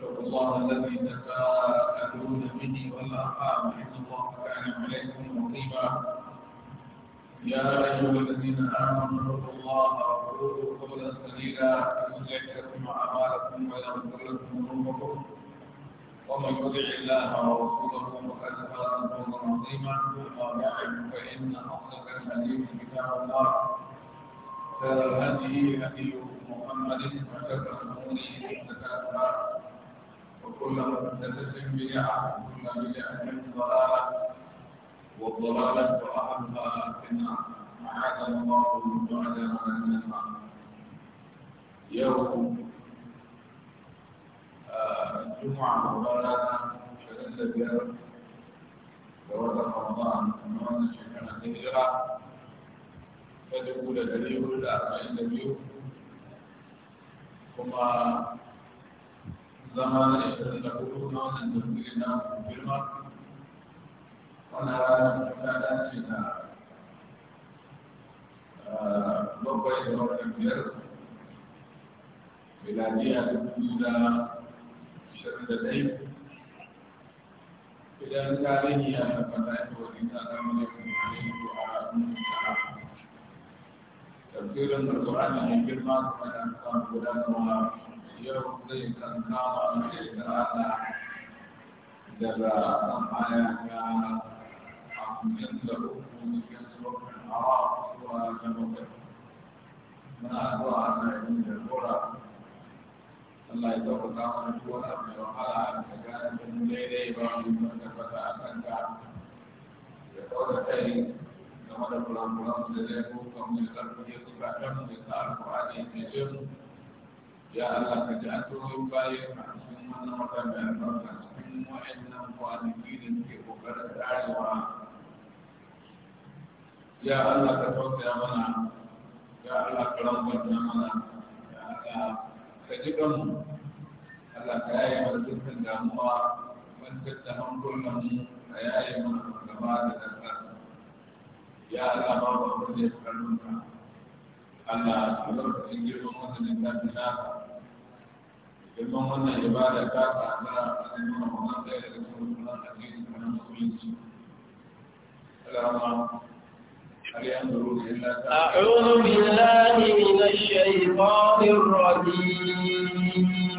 اتقوا الله الذي تساءلون به والارحام ان الله كان عليكم رقيبا يا ايها الذين امنوا اتقوا الله وقولوا قولا سديدا يصلح لكم اعمالكم ويغفر لكم ذنوبكم ومن يطع الله ورسوله فقد فاز فوزا عظيما اما بعد فان اصدق الحديث كتاب الله خير الهدي هدي محمد وشر الامور محدثاتها كل محدثة بدعة وكل بدعة ضلالة والضلالة أهلها في النار أعاذنا الله وأعاذنا من النار يوم الجمعة آه، مباركة شهادة بيار ورد رمضان نوانا شكرا هجرة فتقول دليل الأربعين دليل ثم زمان يتنبون أن تنبينا بالمر ولا تنبينا بقي مركبير بلادية تنبينا شرد العيب إذا كان هي فتاة وإنسان ملك عليه تفسير القرآن الكريم كما كان قدامنا yau zai kankawa mai tsada daga ayaka hamsin da uku cikin tsohon awa zuwa na bakwai muna zuwa ana yi da tsora Allah ya zauka kama da tuwon abu da wahala da gane daidai ba mu yi wanda a kanka da kawai kai game da kuran da zai kuka mu da karfi ya suka kan da sa alƙur'ani da jin ya Allah ka ji addu'o'in bayan ka cikin wannan wata mai albarka cikin wa'annan kwanaki da suke kokarin karewa ya Allah ka tausaya mana ya Allah ka rangwanta mana ya Allah ka ji Allah ka yaye mana damuwa wanda hankulan mu ka gaba da kasa ya Allah ba Allah ta domin wannan ibada ta tsada a cikin ramadan ɗaya daga cikin ramadan a cikin ramadan musulunci alama أعوذ بالله من الشيطان الرجيم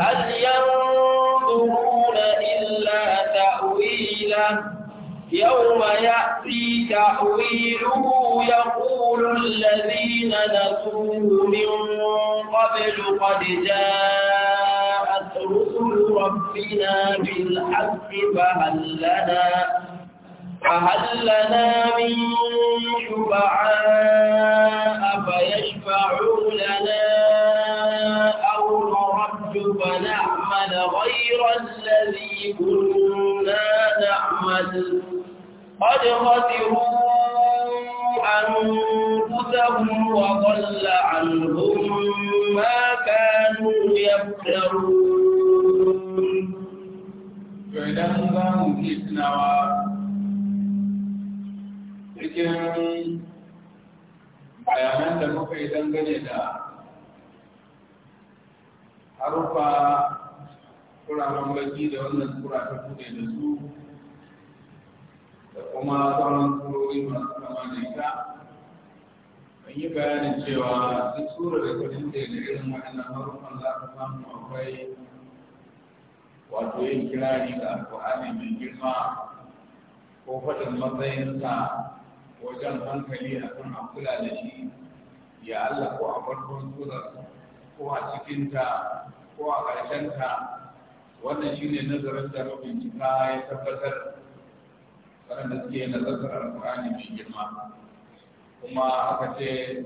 هل ينظرون إلا تأويله يوم يأتي تأويله يقول الذين نسوه من قبل قد جاءت رسل ربنا بالحق فهل لنا فهل لنا من شبعاء فيشفعوا لنا أو نرد فنعمل غير الذي كنا نعمل قد خسروا أنفسهم وضل عنهم ما كانوا يفترون فإذا الله إثنوا cikin bayanan da muka yi dangane da harufa kuramen baki da wannan kura ta da su da kuma sauran surori masu kama da ita an yi bayanin cewa duk tura da kudin da da irin waɗannan harufan za ka samu akwai wato yin kirari da alƙur'ani mai girma ko faɗin matsayinsa wajen hankali a kan kula da shi ya Allah ko a farkon surar ko a cikinta ko a ƙarshenta wannan shi ne nazarin da bincika ya tabbatar waɗanda suke nazartar alƙur'ani mai girma kuma aka ce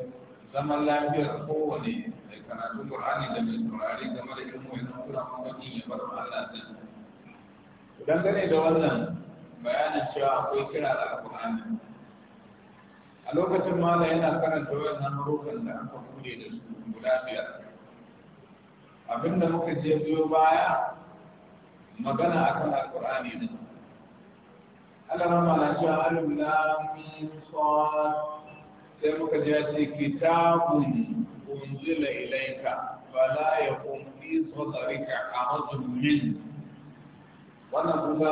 zaman lafiyar kowane mai karatun ƙur'ani da mai saurari game da ilmu ya san kula mamakin ya bar Allah zai dangane da wannan bayanin cewa akwai kira da alƙur'ani a lokacin mala yana karanta wannan harukan da aka bude da su guda biyar abinda muka je biyo baya magana akan alƙur'ani ne Allah ma mana cewa alif lam sai muka ji ce kitabun unzila ilayka fala yakun fi sadrika harajun min wannan kuma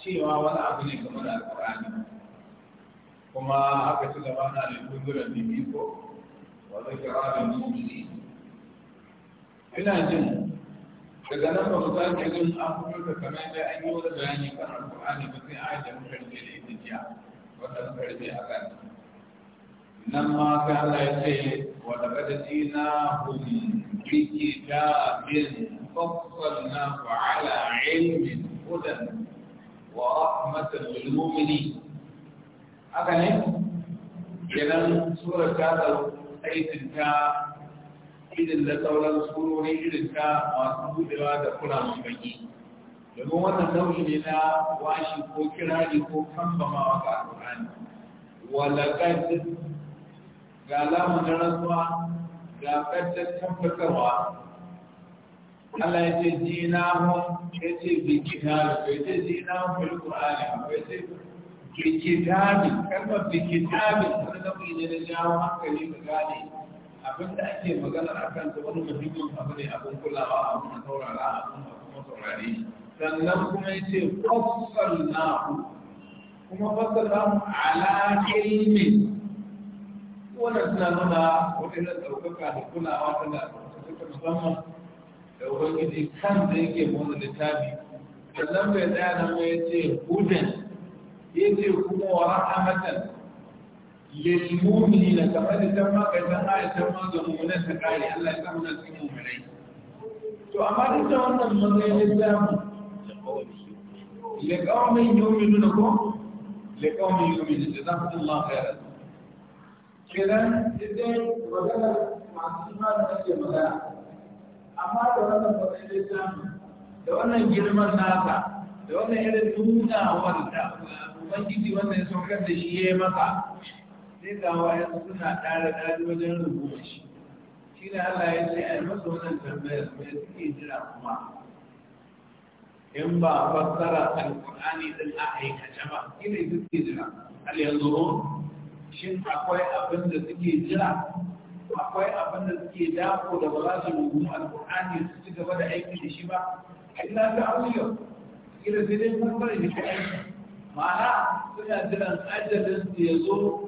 cewa wani abu ne kamar da alqur'ani kuma aka ci gaba na likudurar bibiko wa zikra lil mu'minin ina jin daga nan ba mu za ka jin abubuwa kamar da an yi wani bayani kan alƙur'ani ba sai ayat da muka rike da ita jiya wanda muka rike a kan nan ma sai Allah ya ce wa laqad jinahum bi kitabin fassalnahu ala ilmin hudan wa rahmatan lil mu'minin haka ne idan sura ta ta irin da sauran surori irin ta masu budewa da kura baki domin wannan nau'i ne na washi ko kirari ko kambama ga alƙur'ani walaqad ga alamun na rantsuwa ga kaddar tabbatarwa Allah ya ce jina hun ya ce bi kitabi bai ce jina hun bil qur'ani bai ce bi kitabi kalmar bi kitabi wani nau'i ne na jawo hankali ga gane abin da ake magana a kan ta wani muhimmin abu ne abin kulawa abin da saurara abin da kuma saurari. sannan kuma ya ce fassal nahu kuma fassal nahu ala ilmi wannan suna nuna waɗannan ɗaukaka da kulawa ta da suka musamman da ubangiji kan da yake motsa littafi sannan bai tsaya nan ya ce hudan ya ce kuma wa rahmatan للمؤمنين كما تسمى كسان آية تسمى ضمونا سكاري الله يسمنا سمو ملي تو أما تسمى أن المدين الإسلام لقوم يؤمنونكم لقوم يؤمنون جزاكم الله خيرا كذا إذا وكذا مع الإيمان نفسه مدى أما تسمى المدين الإسلام لو أن جرمان ناسا لو أن إلى دون أول أبنجي وانا يسوكر دشيه مطا sai ga wayan suna ƙara daɗi wajen rubuta shi shi ne Allah ya ce ai masa wannan tambayar me suke jira kuma in ba fassara alƙur'ani din a aikace ba shi ne suke jira hal yanzu shin akwai abin da suke jira akwai abin da suke dako da ba za su rubu alƙur'ani su ci gaba da aiki da shi ba A illa ta auliyo kira sai dai kun bari da aiki ma'ana suna jiran ajalin su ya zo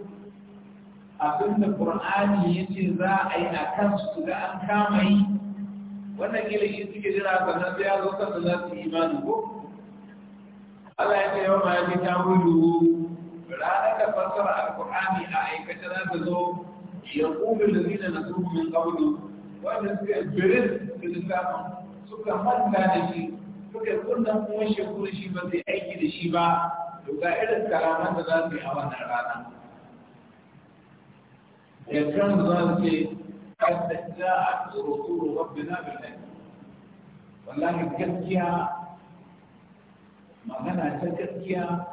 Abinda da ƙur'ani ya ce za a yi a kansu da an kama yi wannan shi suke jira sannan sai ya zo kansu za su imani ko Allah ya ce yawan ma ya ce ta wudu ranar da fassara alƙur'ani a aikace za ta zo ya ƙumi da zina na suhu min ƙaudu wanda suka birin da littafin suka manta da shi suka kunna kuma shekuru shi ba zai aiki da shi ba to ga irin karaman da za su yi a wannan rana يكون ذلك قد جاءت رسول ربنا بالعلم والله الجزية ما أنا تجزية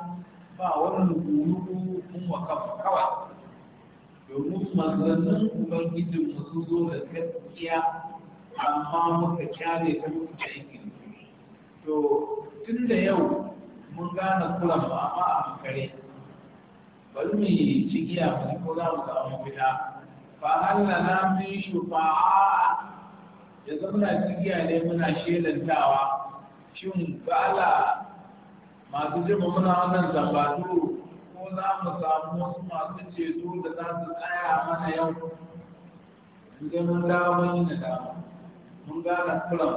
ما ورن قلوب وكفر كوات domin manzannin ubangijin su zo da gaskiya amma muka kyale ta muka aikin to tun da yau mun gane kuran ba a bari mu yi cikiya mu ko za mu samu fita fa hallana min shufa'a yanzu muna cikiya ne muna shelantawa shin ba Allah masu jima muna wannan zambatu ko za mu samu wasu masu ceto da za su tsaya mana yau idan mun dawo mun yi nadama mun gane kuran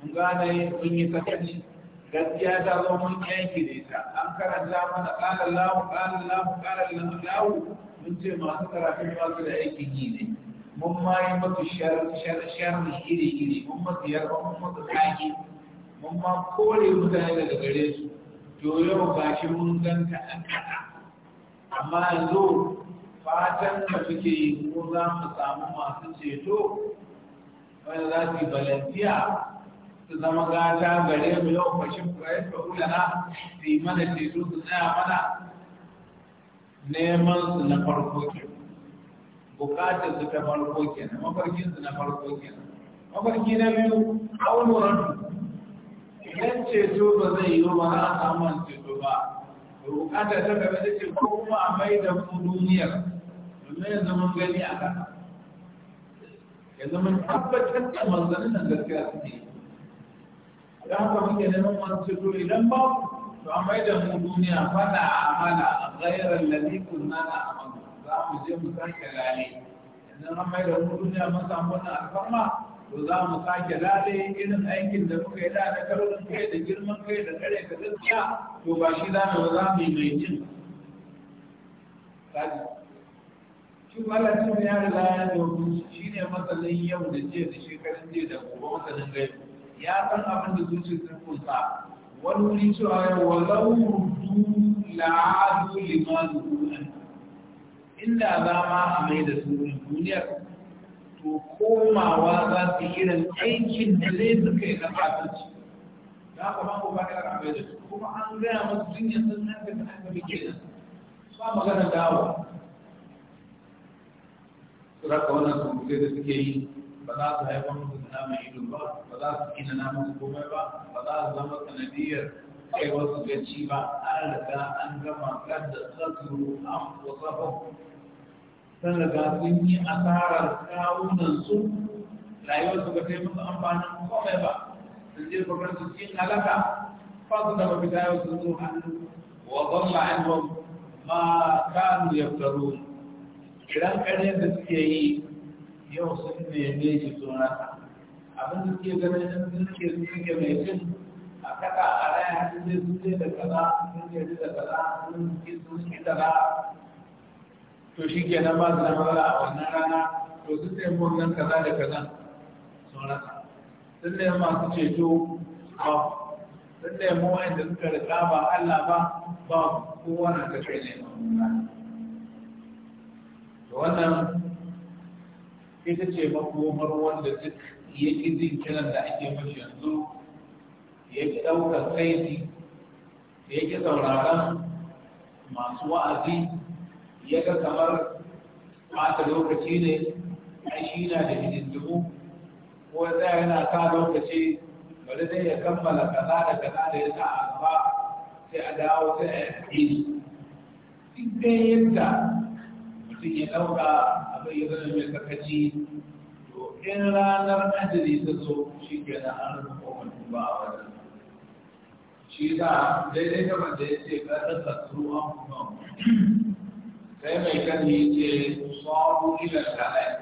mun gane mun yi sakaci gaskiya ta zo mun yanki ne ta. an karanta mana kala lahu kala lahu kala lahu mun ce masu karatun ba su da aikin yi ne mun ma yi masu sharri iri iri mun masu yarba mun masu kaki mun ma kore mutane daga gare su to yau ba shi mun ganta an kasa amma yanzu fatan da suke yi ko za mu samu masu ceto wanda za su yi balantiya su zama gata gare mu yau fashin kwaye fa'ulana su yi mana teku su tsaya mana neman su na farko ke bukatar su ta farko ke na mafarkin su na farko ke mafarki na biyu aunuran idan ceto ba zai yi ba za a samu ceto ba bukatar ta gaba da ce ko kuma a mai da mu duniyar domin ya zama gani a kasa yanzu mun tabbatar da manzannin gaskiya su ne da haka muke neman masu ceto idan ba to a mai da mu duniya fada amala a tsayar lalli kunna na amalu za mu je mu sake lale idan an mai da mu duniya mun samu wannan alfarma to za mu sake lale irin aikin da muka yi da da karorin kai da girman kai da kare ka gaskiya to ba shi za mu za mu yi mai jin shi cin yari la ya domin shi ne matsalin yau da jiya da shekarun jiya da gobe matsalin gaibu ya san abin da zuci ta kusa wani wuri cewa ya walau rudu la'adu lima zuhunan inda za ma a mai da sunan duniya to komawa za su irin aikin da zai suka yi na fatanci za ka ma ba ka ramai da su kuma an gaya masu jinya sun nan da ta haka muke nan ba magana dawo. Suraka wannan sun da suke yi ba za su haifa musu da naman ido ba ba za su gina naman komai ba ba za su zama sanadiyar kai wasu gaci ba an riga an gama kan da tsakuru an wasafa sun riga sun yi asarar kawunan su rayuwar su ba ta yi musu amfanin kome ba sun je kwakwar su cikin halaka ba su da mafita yau sun zo hannu wa zalla an ma kanu yaftarun idan kare da suke yi yau sun neme shi sun rasa abin da suke ganin sun suke suke mai cin a kaka a raya sun ce sun zai da kaza sun zai da kaza sun ce sun suke da kaza to shi ke nan ba su zama a wannan rana to sun zai murnan kaza da kaza sun rasa sun zai masu ceto babu sun zai mu wa'anda suka rika ba Allah ba babu kowa na kashe ne ba wannan ita ce makomar wanda duk ya ƙi jin kiran da ake mashi yanzu ya ƙi ɗaukar kaidi ya ƙi sauraron masu wa'azi ya ga kamar ɓata lokaci ne ai shi na da hidindimu ko ya yana sa lokaci bari zai ya kammala kaza da kaza da ya sa a gaba sai a dawo sai a yi duk yadda mutum ya ɗauka bayyana mai kakaci to in ranar ajali ta zo shi ke na an rufe ba a wajen shi da daidai da wanda ya ce ka ɗan kuma sai mai kan ya ce sabu ilan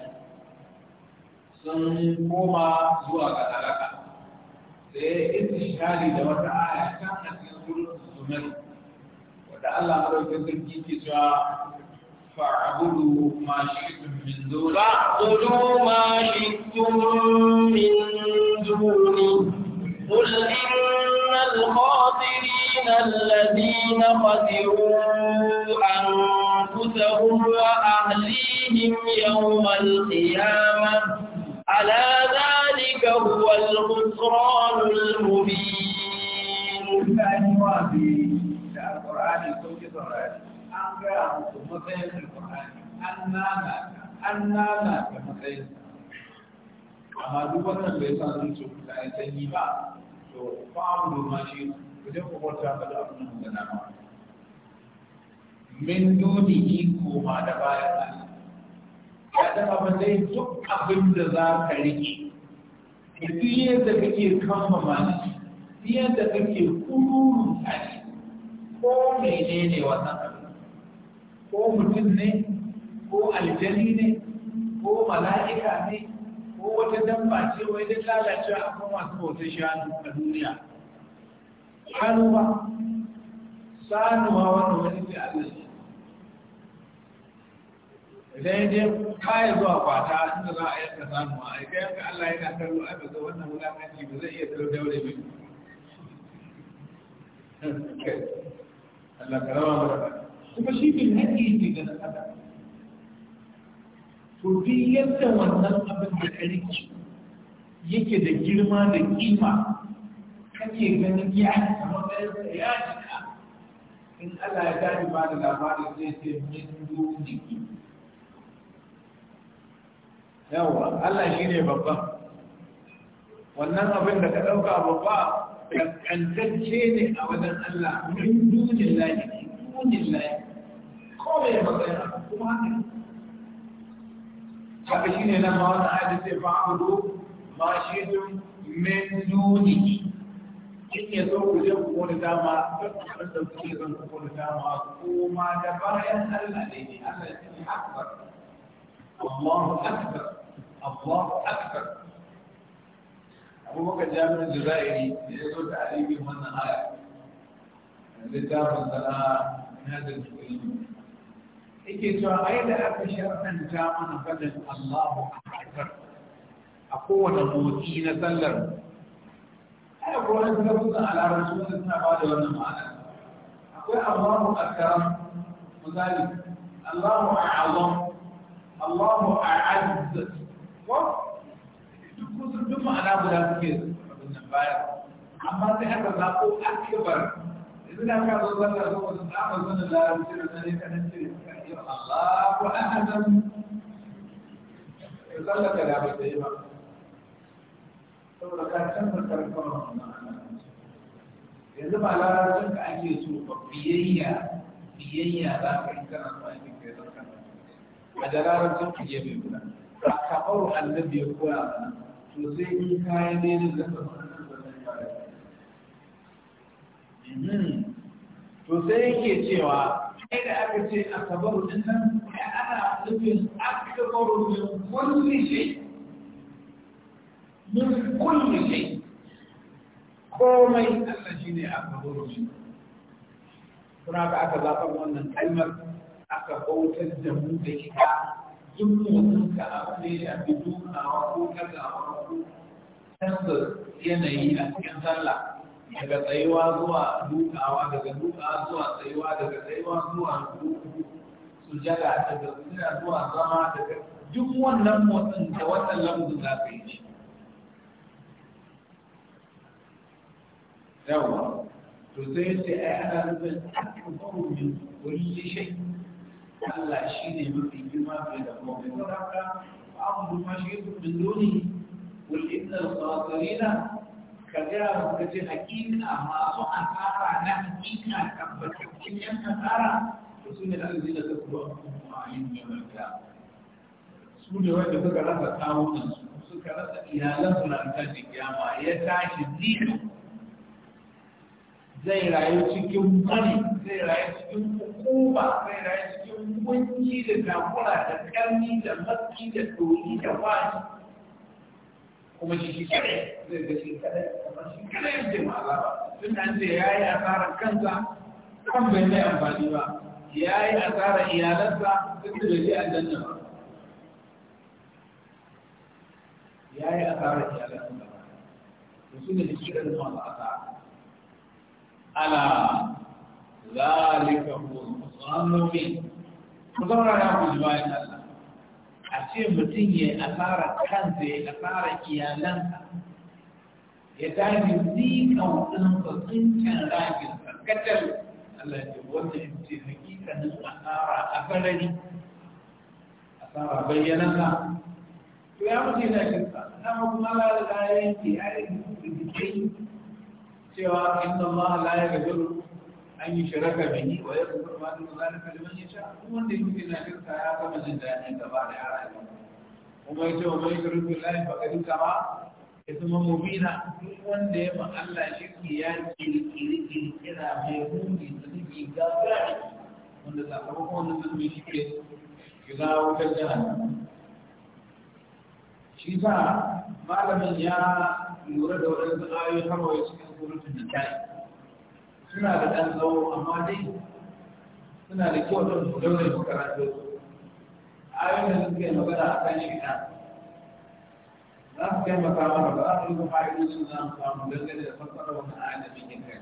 sun koma zuwa ga halaka sai da wata aya kan a cikin surun zumari Allah cewa فاعبدوا ما شئتم من دونه فاعبدوا ما شئتم من دونه قل إن الخاسرين الذين خسروا أنفسهم وأهليهم يوم القيامة ألا ذلك هو الخسران المبين. gaya matsayin amma bai sa sun ce kuka ya sanyi ba to fa abu ma shi ku je ku ba da abin da na ma min koma da ba ya dai duk abin da za ka yadda kake kammama shi yadda kake kururun tashi ko menene wannan ko mutum ne ko aljani ne ko mala'ika ne ko wata dabba ce wai da lalacewa akan masu bautar shanu a duniya shanu ba sanuwa wanda wani sai Allah shi idan dai kaya zuwa kwata inda za a yanka sanuwa a ga yanka Allah yana kallo a ga wannan wulakanci ba zai iya tsaro daure mai Allah karama ba. kuma shi bin haƙi ne da sadaka to duk yadda wannan abin da ka yake da girma da ƙima, kake ganin ya a matsayinsa ya jika in Allah ya gani ba da labarin zai ce min jiki yawa Allah shi ne babban wannan abin da ka ɗauka babba ƙantacce ne a wajen Allah min duniya lafiya دون الله kawai ya matsaya kuma haka haka shi ne na ma wata ayyar sai ba a hudu ma shi tun min duni in ya zo ku je ku wani dama kan da ku ke zan ku wani dama kuma da bayan Allah ne ne Allah ya ce akbar Allahu akbar Allahu akbar abubakar jami'in jirairi da ya zo da alibin wannan aya littafin sana'a هذا العلم yake cewa ai da aka sharɗanta mana faɗin Allahu akbar a kowane motsi na sallar ai ko an ga mun alaran su suna bada wannan ma'ana akwai Allahu akbar misali Allahu a'lam Allahu a'azz ko guda suke abin baya amma sai aka zako akbar إذن أكاد الله هو سبحانه من لا يمكن ذلك أن يكون الله أحدا إلا لك لا بديما saboda ka canza karfin yanzu ba larabcin da ake so ba biyayya biyayya za ka yi kana so ake kai zarkan a da larabcin ka je mai guda ba ka ɓaro annabi ya koya mana to sai in kayan ne da zaka zo da zaka Mhm. to sai yake cewa kai da aka ce a kabaru din nan da ana nufin akabaru min kulli shi, min kulli shay komai Allah a akabaru shi. kuma ka aka zaɓa wannan kalmar aka bautar da mu da kika duk mutum ka abu ne a bidu a wako kaza a wako canza yanayi a cikin sallah daga tsayuwa zuwa dukawa daga duka zuwa tsayuwa daga tsayuwa zuwa sujada daga sujada zuwa zama daga duk wannan motsin da wannan lamarin za ka yi shi yawa to sai sai ai ana nufin akbaru min kulli shay Allah shi ne mafi girma fiye da komai saboda haka ba mu ma shi bin duni wal inna al-qasirina ka gaya mu ka hakika masu asara na hakika tabbatattun yan asara da su ne alazi da ta kuwa kuma yin yamarta su ne wanda suka rasa kawunan su suka rasa iyalan su rantar da kiyama ya tashi zira zai rayu cikin mani zai rayu cikin hukuma zai rayu cikin kunci da takura da karni da matsi da doki da wani ومشي في شعر زي بشي كده كده يمدي مع الله من عندي يا يا أثار الكنزة كم بيني أم بديبا يا يا أثار إيادتها كنت بيدي عند النهر يا يا أثار إيادتها وسنة الشعر المال أثار ألا ذلك هو المصنع من مضرر يا مجمعين الله ce mutum ya asara kansa ya asara iyalansa ya tashi zikan ɗinsa tsincin ragin sarkatar Allah ce wannan ce hakikanin asara a farari asara bayyanansa to ya mutu yana shi sa na kuma lalata yanki a yanki da jikin cewa inda ma la ya gajiru an yi shiraka bihi wa ya kuma ma da zalika liman yasha duk wanda yake na shirka ya gama da daɗi gaba da yara ne kuma yace wa bai shirin billahi fa kadin kama isma mubina duk wanda ya ma Allah shirki ya kirkiri kirkira mai hungi zubi gagari wanda sakamakon wannan zubi shi ke shiga wutar jahannam shi sa malamin ya lura da waɗansu ayoyi har wa cikin surutun da tayi suna da ɗan tsawo amma dai suna da kyau don su daure su karatu ayoyin da suke magana a kan shi ɗan za su taimaka mana ba za su yi kuma irin su za mu samu dangane da fassara wani ayan da cikin kai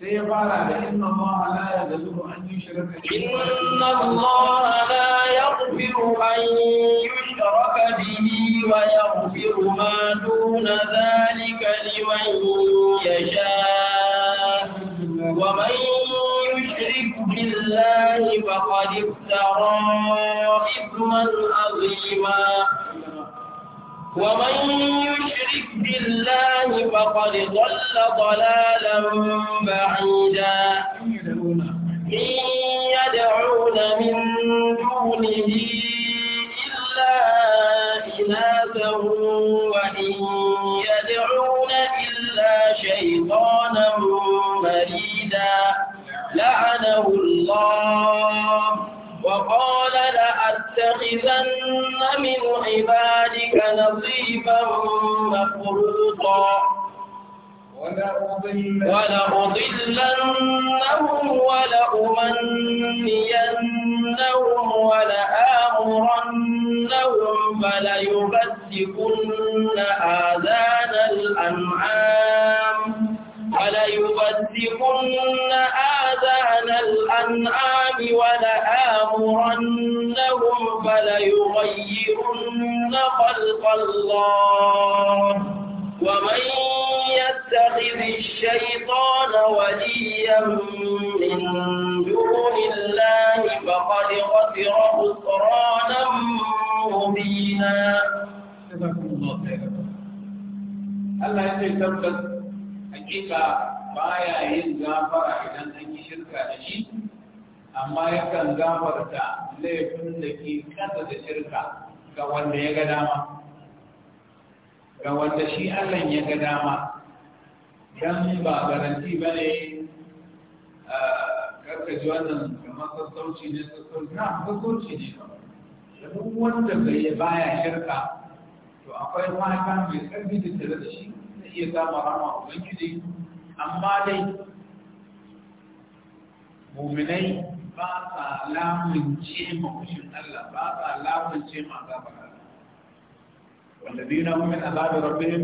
sai ya fara da inna Allah la yaghfiru an yushraka bihi inna Allah la yaghfiru an yushraka bihi wa yaghfiru ma duna dhalika liman yasha' بالله فقد افترى إثما عظيما ومن يشرك بالله فقد ضل ضلالا بعيدا إن يدعون من دونه إلا إناثا وإن يدعون إلا شيطانا لعنه الله وقال لأتخذن من عبادك نصيبا مفروطا ولأضلنهم ولأمنينهم ولآمرنهم فليبتكن آذان الأنعام فليبتكن آذان الأنعام ولآمرنهم فليغيرن خلق الله ومن يتخذ الشيطان وليا من دون الله فقد خسر خسرانا مبينا. الله يسلمك hakika baya yin gafara idan an yi shirka da shi amma yakan gafarta laifin da ke kasa da shirka ga wanda ya ga dama ga wanda shi Allah ya ga dama dan ba garanti ba ne, karkaji wannan kamar sassauci ne sassauci na sassauci ne ba da duk wanda bai baya shirka to akwai mata mai karfi da tare da shi iya samun rama ubangiji amma dai muminai ba sa lamunce ma kushin Allah ba sa lamunce ma azabar Allah والذين هم من عذاب ربهم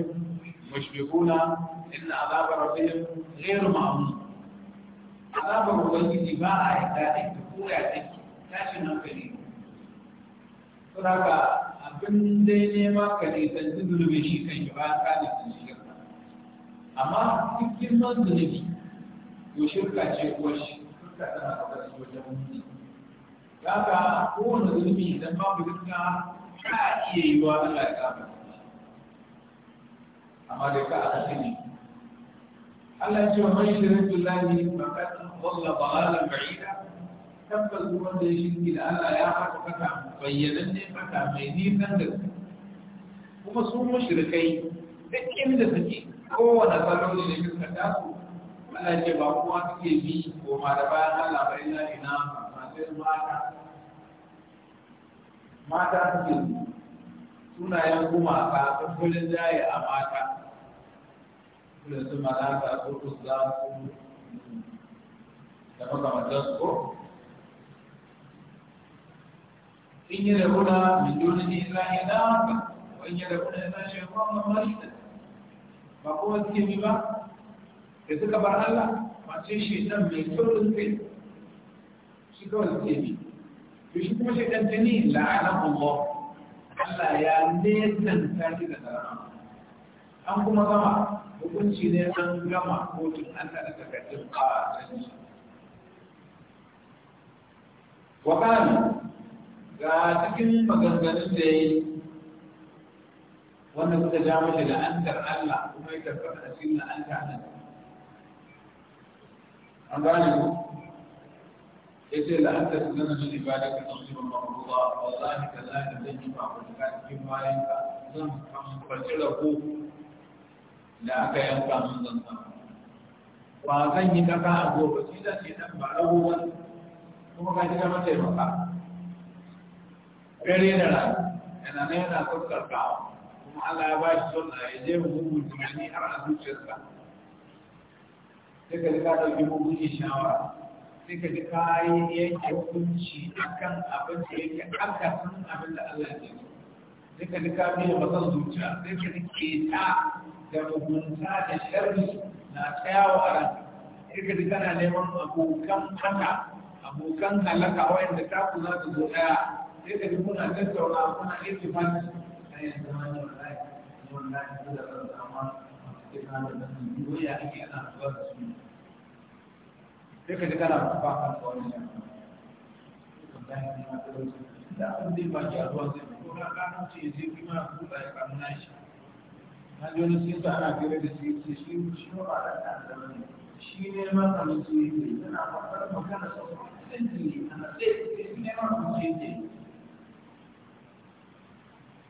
مشفقون إن عذاب ربهم غير معمول عذاب ubangiji ba a yadda ta koya take tashin hankali saboda abin dai nema ka ne san zulubin shi kan shi ba ka ne amma duk girman zunubi to shirka ce kuwa shi shirka tana da shi wajen mutu ya ga kowane zunubi idan babu shirka ka iya yi wa Allah ya kama amma da ka aka sani. Allah ya ce wa mai shirin billahi fakat walla ba'ala ba'ida tabbas wanda ya shirki da Allah ya fata fata bayyana ne fata mai nisan da kuma su mushrikai duk inda suke kowane ne da suka taso Allah ce ba kuma suke bi ko ma da bayan na ina masu mata mata suke sunayen gumaka sun kullum jaye a mata da su malaka su uzza su da makamantar su ko in yi da na min dole ne na wa in yi da shekwa mamarita ba kuma suke bi ba da suka bar Allah masu shaitan mai tsoron sai shi kawai suke bi to shi kuma shi dan tani la'anar Allah Allah ya ta shi da tsara an kuma gama hukunci ne an gama kotun Allah da takardun ƙararren shi wa ga cikin maganganun da yi وانا بتجاوز الى انكر الا وما يتفق الا انت عن الله إذا لا أنت لنا من عبادك تصيب المرضى والله كذلك لن يبقى ولكان في مالك ظن حمد فجله لأك ينفع من ظنه وأظن يتقى أبو بسيطة يتنبع له ثم كان يتنبع له فقال فعلينا لا أنا نينا تذكر كعب kuma Allah ya ba shi sunna ya je mu gudu tunani har a zuciyarsa sai ka ji ka ɗauki mugun shawara sai ka ji ka yi yanke hukunci akan abin da yake akasin abin da Allah ya so sai ka ji ka biya masan zuciya sai ka ji ta da mugunta da sharri na tsayawa a ranka sai ka ji kana neman abokan haka abokan halaka wayanda ta ku za ta zo ɗaya sai ka ji kuna tattauna kuna iltifati a yanzu wani sai ka ji kana ba ka da wani jami'a da abin da ba ki a zai ko na kanan ce zai fi ma buɗa ya kamu na shi na ji wani sai ana fere da shi ce shi shi ba da ta zama ne shi ne ma ka mu yi ne yana faɗar magana sau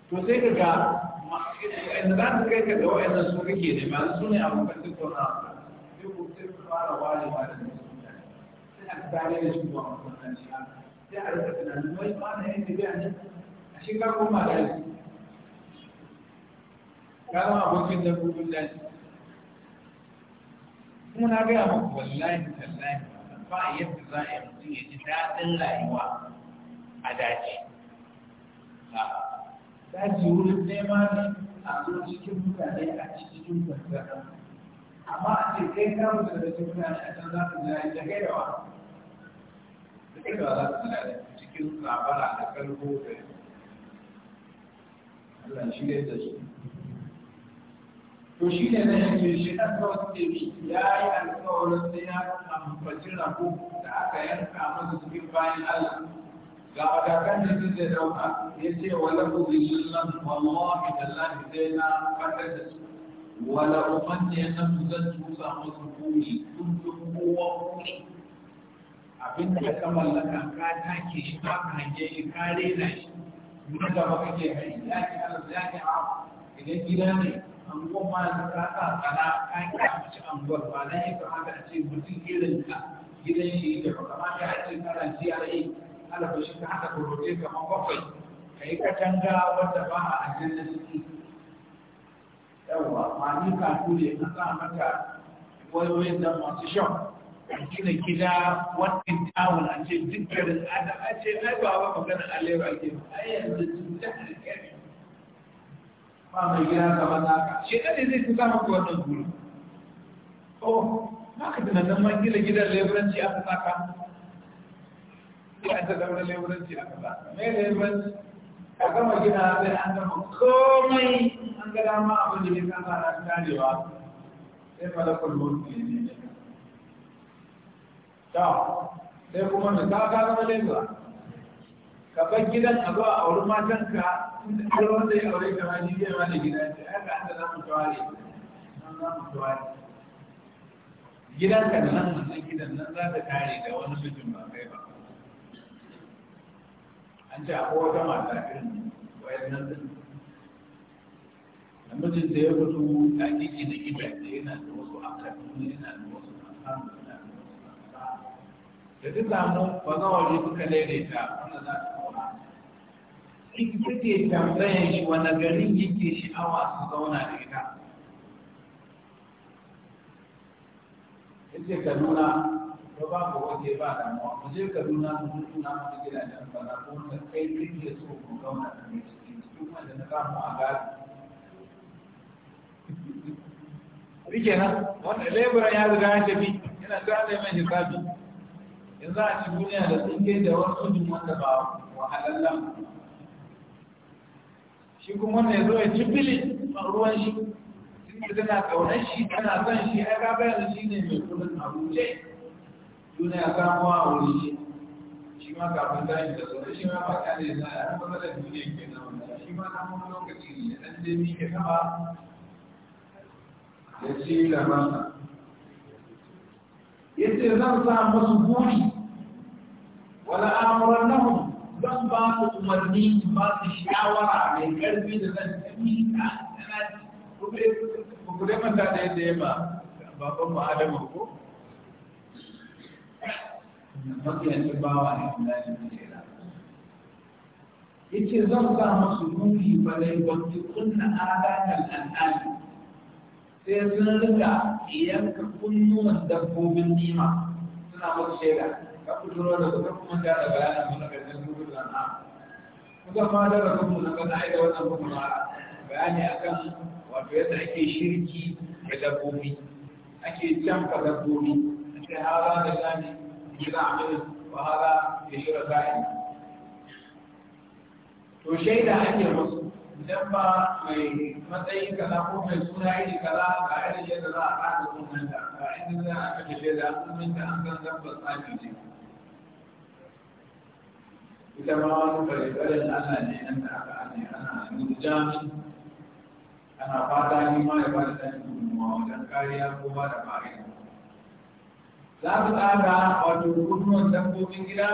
to sai ka ga inda za su kai ka ga wa'annan su kake nema su ne abokan tattauna sai ku sai ku fara wale wale da su sai a tsare da shi ba masallaci sai a rika tunanin wai ba da yin tafiya ne a shi ka koma da shi kama abokin dabbobin daji kuma na gaya maka wallahi tallahi ba yadda za a yi mutum ya ji daɗin rayuwa a daji daji wurin nema ne a zo cikin mutane a cikin kwanciyar amma a ce kai ka mutu da cikin mutane a can za su jari da gaidawa da gaidawa za su jari cikin labara da kalbo da Allah shi ne da shi to shi ne na yake shi na kawai ce bi ya yi alkawarin sai ya amfaci rago da aka yanka masu cikin bayan Allah ga matakan da sun zai dauka ya ce wala ku bi lillan wallahi billahi zai na fadar da su wala umanni ya san zan tusa musu kuni tuntun kowa kuni abin da ka mallaka ka take shi ba ka hange shi ka rena shi duk da ba kake hari ya ki Allah ya ki Allah idan gida ne an goma da ka tsada kana ka ki amince an gwar ba dan ya kamata a ce mutum irin ka gidan shi da kamata a ce kana ji a alfa shi ta haka kurote kamar bakwai ka yi katanga wadda ba a aljanna ciki yawwa ma ni ka ture an sa mata wayoyin da masu shan a gina gida wannan tawon a ce dukkanin adam a ce na ba ba magana alewa ke ai yanzu cuta da kare ba mai gina gaba oh, na ka shi ne zai fi zama ku wannan gudu. ko ma ka tunanin man gina gidan leburanci aka saka ya ta daura leburanci a kaza mai leburanci a gama gina zai an gama komai an gada ma abin da ya kama na karewa sai malakul mulki ne ta sai kuma mai ka ka zama lebura ka bar gidan a zuwa a wurin matanka inda har wanda ya aure ka ma shi zai ma da gidan ce aka ka da zamu tawari an zamu tawari gidanka da nan wannan gidan nan za ta kare da wani mutum ba kai ba an ce akwai wata mata irin wayan nan din namijin da ya fito ya kike da yana da wasu akadu yana da wasu masu yana da wasu masu da duk samu ba za waje suka daidaita wanda za su zauna in kake tambayan shi wani garin yake sha'awa su zauna da ita yace nuna. ba ba ka waje ba da mu mu je Kaduna mu mutu na mu gidajen bana ko ta kai kike so mu zauna da mu cikin duk wanda na samu a gari Rike nan, wanda leburan ya riga ya tafi, yana ta da mai hisabi. Yanzu a cikin duniya da tsinke da wani sojin wanda ba wahalallan. Shi kuma wanda ya zo ya ci fili ruwan shi, tun da tana ƙaunar shi, tana son shi, ai ka bayan shi ne mai kudin abuja. suna ya samu a wuri shi ma kafin tashi da sauran shi ma ba ta ne na ya kuma da duniya ke na wanda shi ma na mun lokaci ne dan dai ni ke kama ya ce da masa yace zan sa musu buri wala amrannahum zan ba su umarni ba su shawara mai karfi da zan tafi ta tana ku ku da manta da yadda ya ba baban mu Adamu ko mafiyancin bawa ne kuma ya ce da yace zan sa masu nuni ba dai ba ki kunna adakan al'adu sai sun rika yanka kunnuwan dabbobin nima suna masu shaida ka fito da kuka kuma da da bayanan mun daga cikin rubutu na kuka ma da rabu mun ga ai da wannan kuma ba. bayani akan wato yadda ake shirki da dabbobi ake canka dabbobi sai hawa da zani كذا عمل وهذا فيه رسائل وشيدا عندي الرسول لما مثلا كلام من سورة عيد كلام غير جد لا أحد من عند عند لا أحد جد أحد من عند عند بس ما يجي إذا ما أنا فريبل أنا أنا أنا أنا أنا نجام أنا بعد أني ما يبغى أن يكون ما وجد كاريا كبار ما يكون za su tsara wato rukunin dabbobin gida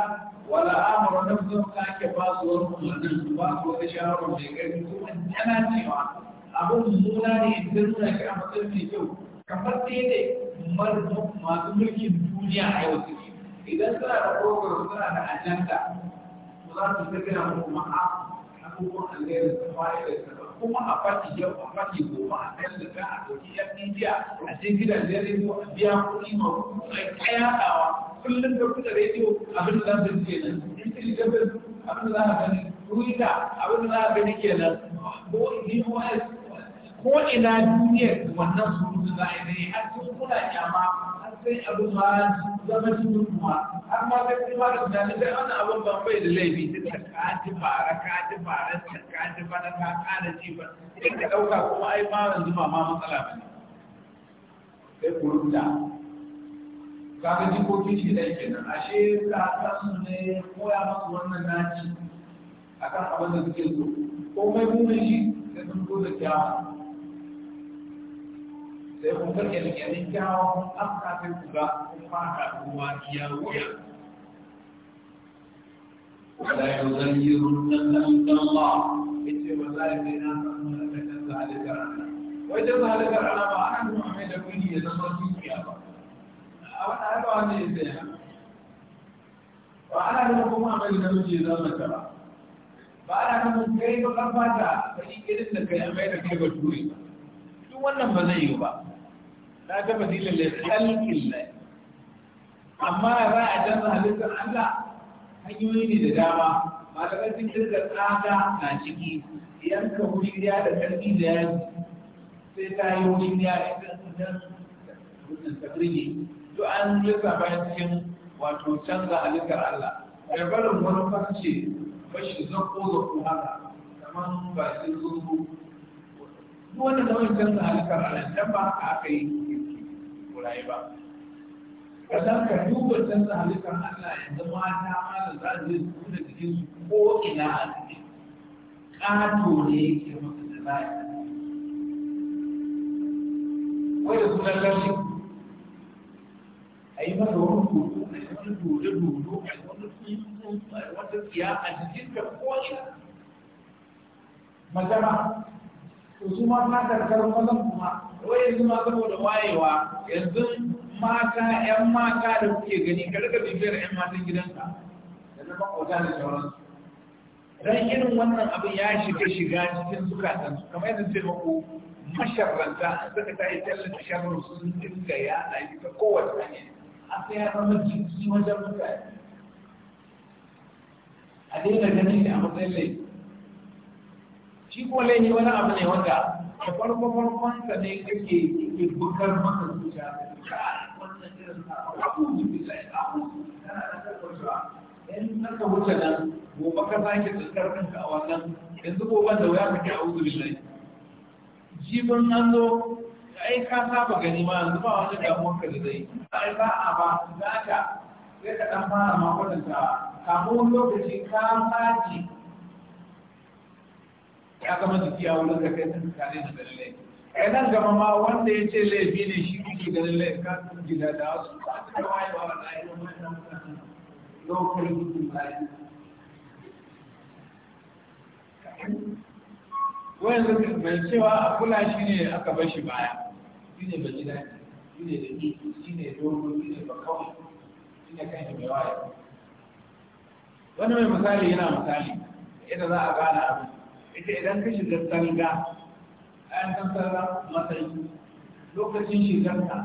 wala amara na zan sake ba su wani umarnin ba su wata shawarar mai ƙarfi kuma tana cewa abin mummuna ne in ta nuna shi a matsayin mai kyau kamar sai dai masu mulkin duniya a yau suke idan suna da program suna da ajanta, to za su ta gina kuma a abubuwan alherin da fa'idar da kuma a fati yau a fati goma a tallata a ɗauki yan indiya a cikin gidan gidajen rediyo a biya kuɗi ma kuɗi a kayatawa kullum da kuɗa rediyo abin da zan ce nan intelligent abin da zan a gani twitter abin da zan a gani kenan ko ni ko ko ina duniyar wannan su da zai ne har su kula kyama sai abin ma zama cikin kuma har ma sai kuma da tunanin sai ana abin ban bai da laifi duk da ka ji fara ka ji fara ka ji fara ka kana ji ba duk da ɗauka kuma ai ma yanzu ba ma matsala ba ne sai ku rubuta kaga jikokin shi ɗaya kenan ashe ka san ne koya masu wannan naci akan abin da suke so komai mumin shi sai sun zo da kyawa sai kun ga kyalkyalin kyawa kun afka sai ku ga kun fata kuma iya wuya wala yuzayyirun nan da mutan Allah yace wallahi sai na san mun da kan zalika rana wai da zalika rana ba an nuna mai da kuni ya zama dukiya ba a wata haka wani ya tsaya ba ana nuna kuma mai da miji ya zama ta ba ana nuna kai ba kan fata da ikirin da kai a mai da kai ba turi ba duk wannan ba zai yi ba na ga madina da kalkin lai amma za a canza halittar Allah hanyoyi ne da dama malamai sun kirga tsada na ciki yanka wushiriya da karfi da yanzu sai ta yi ya da idan idan wannan tabirge to an lissafa cikin wato canza halittar Allah ƙarfarin wani farce bashi zakko zakko haka kamar ba sai zurgu wannan nau'in canza halittar Allah dan ba haka aka yi rayu ba kadan ka duba canza halittar Allah yanzu mata ma da za su su da cikin su ko ina a cikin ƙato ne yake masa da zai wai da sunan lashi a yi masa wani dodo a yi wani dodo dodo a yi wani tsuntsu a yi wani tsiya a cikin ka ko ina magana to su ma ta karkar mazan kuma wai yanzu ma saboda wayewa yanzu mata yan mata da kuke gani ka rika bibiyar yan matan gidanka da na makwauta da sauransu dan irin wannan abin ya shiga shiga cikin zukatan su kamar yadda ce muku masharranta an saka ta yi tallata sharru sun dinga ya ɗaya ta kowace hanya an sai ya zama jiki wajen mutane a dinga ganin shi a matsayin laifi shi ko laifi wani abu ne wanda da farko farkon sa ne kake ke bukar maka zuciya wannan irin abu billahi abu kana da karfafa in naka wuce nan gobe ka sake tsakar kanka a wannan yanzu gobe da wuya kake a bi sai. jibin an zo ai ka saba gani ma yanzu ba wani damuwar ka da zai ai ba a ba za ka sai ka dan fara ma wadanda kafin lokaci ka mace ya zama jiki a wurin da kai sun tare da ganin A kai nan gama ma wanda ya ce laifi ne shi kuke ganin laifi ka sun gida da wasu ba su da wayewa wa layi wannan mutanen lokacin hukun layi wayan da mai cewa a kula shi ne aka bar shi baya shi ne ba gida shi ne da shi ne dogo shi ne ba kawai shi ne kan mai waye wani mai misali yana misali yadda za a gane abu ita idan ka shiga salga ayan san salga matsayi lokacin shigarka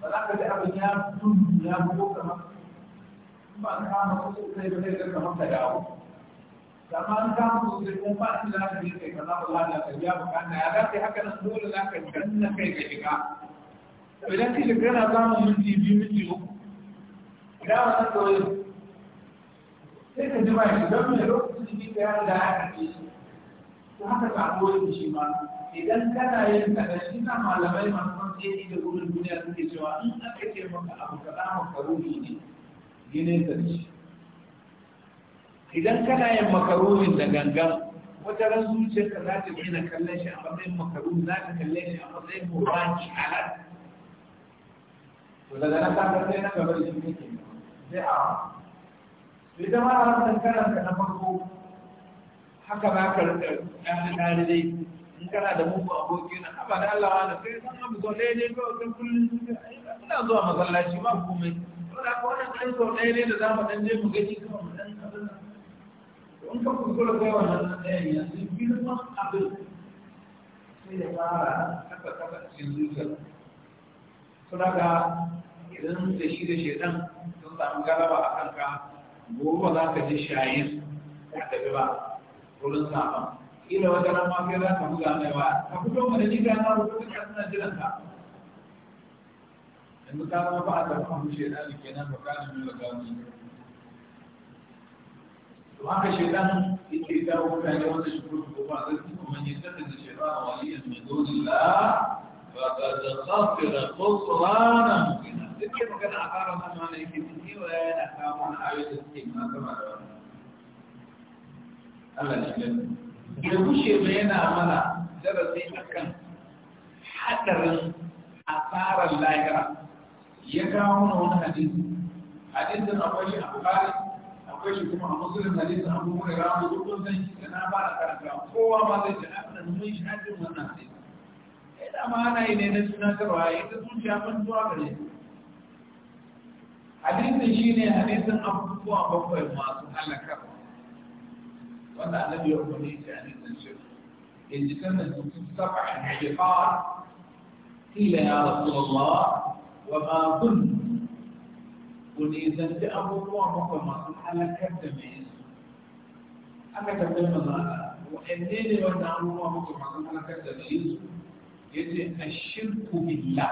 ba za ka ji abin ya tudu ya ko kama ba ka kama su sai ba sai ka kamar ka dawo zaman kamu da kumpa sila da yake kaza Allah da ya bukata ya da sai haka nan dole za ka danna kai ga shiga idan ki shiga na zamu minti biyu minti uku da wannan dole sai ka ji shi don me lokacin da ya da ya kace to haka sabo yake shi ma idan kana yin kaza shi na malamai masu matsayi da gudun duniya suke cewa in aka ce maka abu kaza makaruhi ne gine da shi idan kana yin makaruhin da gangan wata ran zuciyarka za ta gina kallon shi a matsayin makaruhi za ta kalle shi a matsayin a halal to daga nan ta sai na gaba da shi kake sai a idan ma ran karanta na farko haka ba ka rika ɗan ɗari dai in kana da mugu aboki na haba da Allah wani sai san abu zo ɗaya ne kawai wata kullum ina zuwa masallaci ba komai saboda ko wannan ɗan sau ɗaya ne da za mu ɗan je mu gani kuma mu ɗan abin in ka kuskura kai wannan ɗaya yanzu ma abin sai ya fara haka haka cikin zuciya ka idan da shi da shaidan sun samu galaba a kanka gobe ba za ka ji shayin ka tafi ba wurin safa ila wata ran ma kai za ka buga mai waya ka fito mana ni ga na rubuta ka suna jiran ka yanzu ka zama ba a tafi mahu shaidan kenan ba ka nemi da gani to haka shaidan yake kawo mutane wanda shi kuma ko ba zai kuma manye tattalin da shaidan a waliyan mai dole la فقد خسر خسرانا مبينا. ذكر مكان عقارة ما يمكن أن يكون هناك أمر على التسليم ما كما ذكرنا. Allah shi dan da kushe mai yana mana darasi akan hadarin asarar lahira ya kawo mana wani hadisi hadisin akwai shi a bukari akwai shi kuma a musulun hadisin abu da ramu da kun san shi da na fara karanta kowa ma zai ji abin mun shi hadisin wannan hadisi sai da ma ana yi ne na tunatarwa yadda zuciya mun zuwa gare shi hadisin shine hadisin abubuwa bakwai masu halakarwa. وما لم يكن ليس عن الشرك إذ كانت سبع انحقار قيل يا رسول الله وما ظن قل إذا انتهى الله على صنع لك الدمين أما تقول وإنني وإن الله فما على لك الدمين يجي الشرك بالله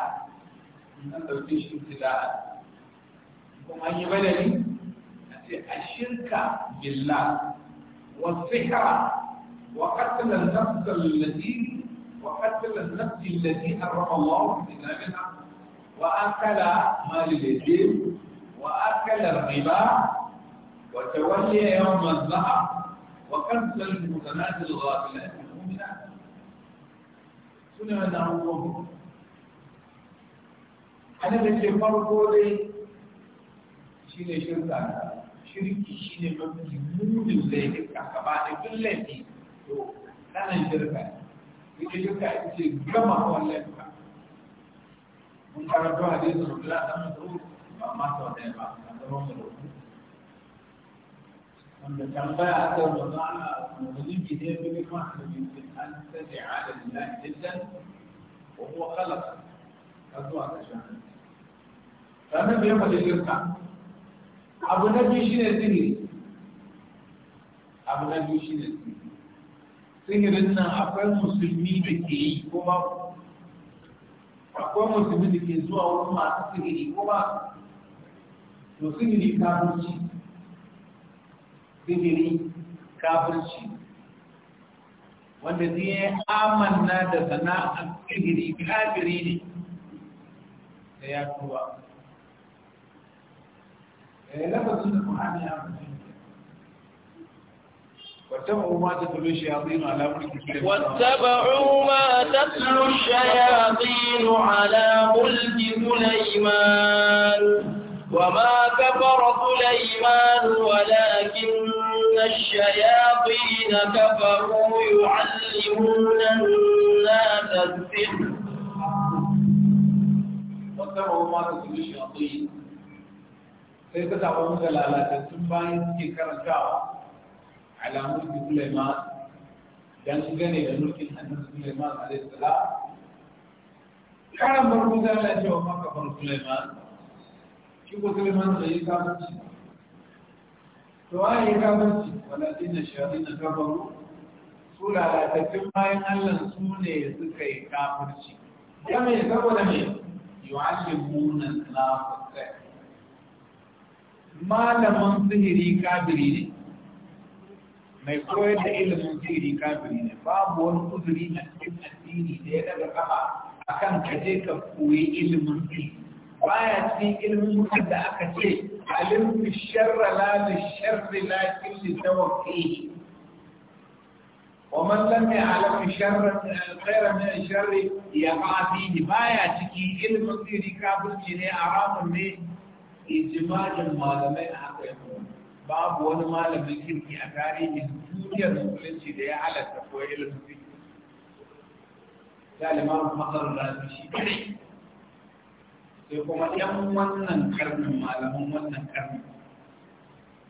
من أنت تشرك بالله وما يبلغي الشرك بالله والسحر وقتل النفس الذي وقتل النفس الذي حرم الله في كتابها وأكل مال اليتيم وأكل الربا وتولي يوم الزهر وكنز المتنازل الغافلات المؤمنات سنة نعوهم أنا بشي فرقوا لي شيء شركة shirki shi ne mafi munin laifuka gaba da duk laifi to sanan shirka ne ita shirka ita ce gama wa laifuka mun karanto hadisin Abdullah dan Mas'ud ba ma sau da ba na zama mu rubu wanda tambaya ta wanda ana mulki ne bin ma da bin an tafi ala lillahi jiddan wa huwa khalaq ka zuwa ka shirka sannan bai faɗi shirka abu na biyu shine sihiri abu na biyu shine sihiri sihirin nan akwai musulmi da ke yi ko ba akwai musulmi da ke zuwa wasu masu sihiri ko ba to sihiri kafirci sihiri kafirci wanda zai amanna da sana'ar sihiri kafiri ne da ya tuwa واتبعوا ما تتلو الشياطين على ملك واتبعوا ما تتلو الشياطين على ملك سليمان وما كفر سليمان ولكن الشياطين كفروا يعلمون الناس السحر واتبعوا ما تتلو الشياطين sai ka samu da lalatattun bayan suke karantawa alamun da Suleiman dan gane da mulkin annabi Suleiman alaihi salam karan farko da Allah cewa maka bar Suleiman shi ko Suleiman da yi kamanci to ai yi kamanci waladin shayatin kafaru su tun bayan Allah su ne suka yi kafirci ya me saboda me yu'allimuna al-kafir malamin sihiri kafiri ne mai koyar da ilimin sihiri kafiri ne babu wani uzuri a cikin addini da ya daga kafa akan ka je ka koyi ilimin sihiri baya cikin ilimin da aka ce alim fi sharra la bi sharri lakin li tawqihi wa man lam ya'lam fi sharra khayran min sharri yaqa fihi baya cikin ilimin sihiri kafiri ne aramun ne ijimajin malamai a haka yanzu babu wani malamin kirki a tarihin duniyar musulunci da ya halatta ko ya ilmi ya limamu masarar su shi kare sai kuma yan wannan karnin malaman wannan karnin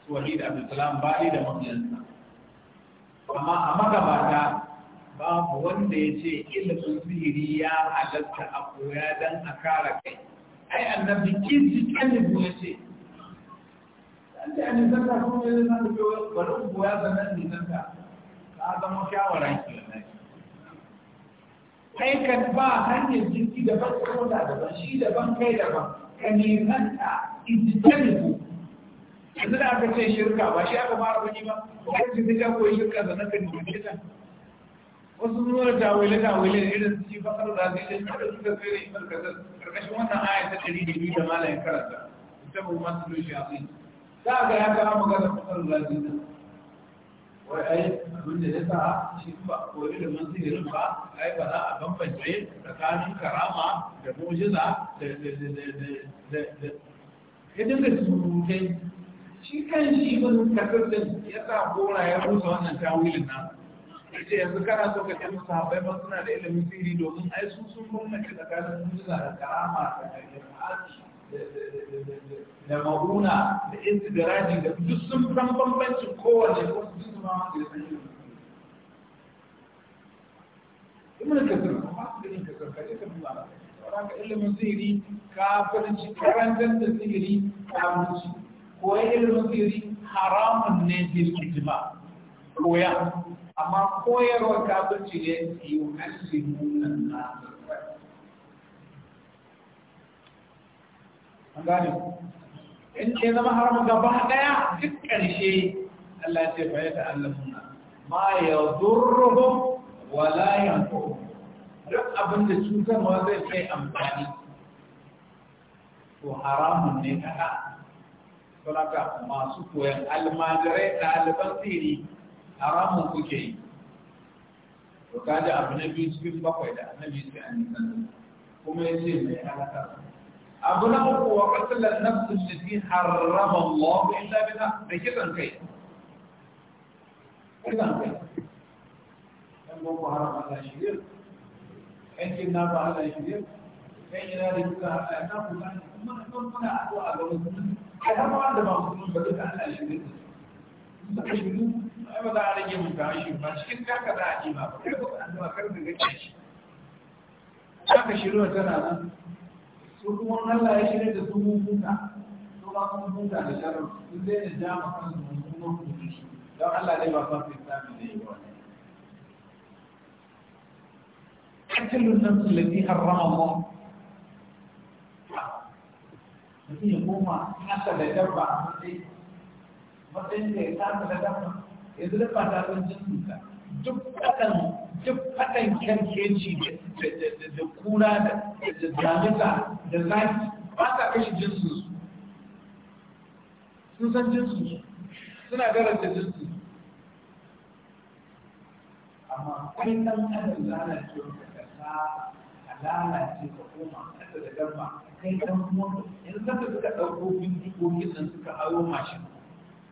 su wani da abdulsalam bari da mafiyansa amma a magabata babu wanda ya ce ilimin sihiri ya halatta a koya don a kara kai ai annabi kinci kalibu ya ce an ce an zanta kuma ya zanta biyo bari in goya zanen ne zanta ka zama shawara ki wannan kai kan ba hanyar jirgi daban koda daban shi daban kai daban ka nemanta ijtanibu yanzu da aka ce shirka ba shi aka fara gani ba kai ji ta koyi shirka zanen ka ne ta wasu nuna tawile tawile irin su shi fasar da zai da shi suka tsere imar kasar karkashin wannan aya ta ɗari da biyu da malayin karanta ita mu masu doshi a tsaye za a ga ya kawo da bakar da zai da wai ai abin da ya sa shi ba da ilimin sihirin ba ai ba za a bambance tsakanin karama da mujiza da da da da da ya dinga surutai shi kan shi ibn kasar din ya sa gora ya rusa wannan tawilin nan yace yanzu kana so ka ce musu habai ma suna da ilimin sirri domin ai su sun bambance tsakanin mu'jiza da karama da da ma'una da insidiraji da duk sun san bambancin kowanne ko su sun ma da san ilimin ibn kasir kuma ibn kasir kaje ka duba saboda ilimin sirri ka fahimci karantar da sirri ka mutu koyi ilimin sirri haramun ne bil ijma koya amma koyarwar kafirci ne yi yuhassimun nas an gane in ce zama har gaba daya duk ƙarshe Allah ya ce fa ya ta'allamuna ma yadurruhum wa la yanfa'uhum duk abin da cutarwa zai kai amfani to haramun ne kaɗa. Sunaka masu koyan almajirai ɗaliban siri haramun kuke yi to kaji abu na biyu cikin bakwai da annabi sai an nisan kuma ya ce mai halaka abu na uku wa qatlan nafsin lati harrama Allah illa biha da kisan kai kisan kai dan ba ku haram da shi ne kai kin na ba Allah shi ne kai ina da kuka da na kuka kuma kuma addu'a ga musulmi kada ma da ba musulmi ba duka Allah shi ne ai ba za a rage mun kawo shi ba cikin kaka za a ji ba ba kai ba an zama kar da gaci shi haka shirwa tana nan su kuma Allah ya shirya da su mun huta su ma kun huta da sharar su zai da dama kan su mun kuma huta shi don Allah dai ba san su islami ne ba wani قتل النفس التي حرم الله mutum ya koma nasa da dabba a matsayin matsayin da ya kasa da dabba yanzu da fata sun jin duk faɗan duk faɗan kyankeci da kura da jami'a da zaki ba sa kashe jinsu sun san jinsu suna garanta jinsu amma kai ɗan adam lalace wanda ka sa a lalace ka koma ƙasa da gama kai ɗan kuma yanzu ka suka ɗauko bindigogin nan suka aro mashin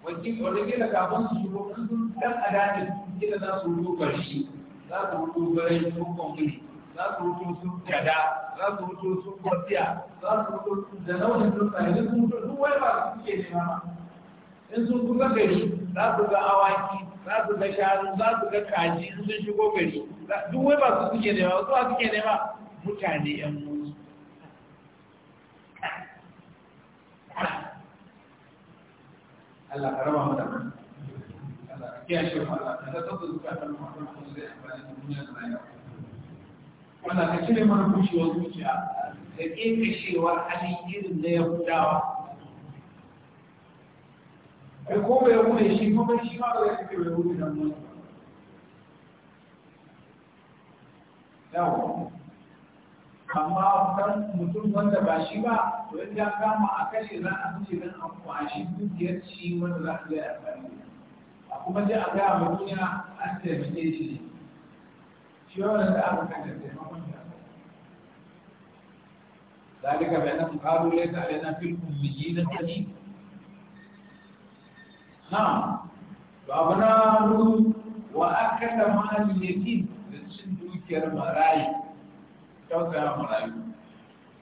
wakil wanda ke da kafin su shigo in sun dan adadin kila za su rubuto karshe za su rubuto garai ko kwamfani za su rubuto su gada za su rubuto su kwafiya za su rubuto da nau'in tsuntsaye duk sun rubuto duk wani ba su suke nema ba in sun kusa gari za su ga awaki za su ga shanu za su ga kaji in sun shigo gari duk wai ba su suke nema su suke nema mutane yan uwa Allah ka raba mu da mu Allah ta kiyaye mu Allah ka tabbata ta kan mu Allah ta sai amfani da ta da rayuwa Allah ka cire mana kushewar zuciya da kinkashewar hali irin na Yahudawa ai ko bai wuce shi kuma shi ma ba zai bai wuce nan ba yawa Kama kan mutum wanda ba shi ba to in ya kama a kashe za a fice nan a kwashi dukiyar shi wanda za a iya amfani a kuma ji a ga ma duniya an taimake shi shi wannan da aka kan da taimakon da ذلك بأنهم قالوا ليس علينا na الأميين سبيل نعم وأبناء وأكل مال da لتشدوا dukiyar رايه tausaya marayu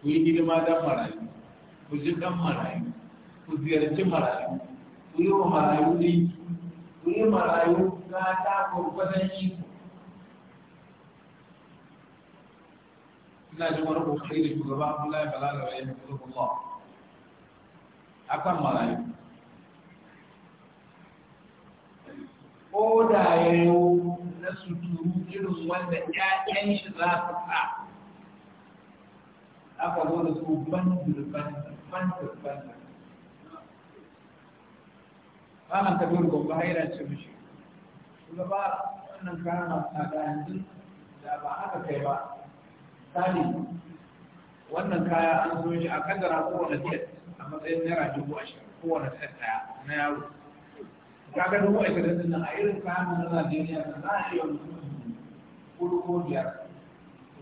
ku yi hidima don marayu ku ji dan marayu ku ziyarci marayu ku yi wa marayu ɗinki ku yi marayu gata yi ku ina jin wani kokari da shugaba Abdullahi Balala wa yahdi A akan marayu ko da yayo na suturu irin wanda ƴaƴan shi za su sa aka zo da su bandul bandul bandul ana ta bin gobe haira ce mishi kuma ba wannan kana na da yanzu da ba aka kai ba sani wannan kaya an zo shi a kan kaddara kowane set a matsayin naira dubu ashirin kowane set daya na yaro kaga dubu ashirin din nan a irin kayan na Najeriya da za a iya mutum kudu ko biyar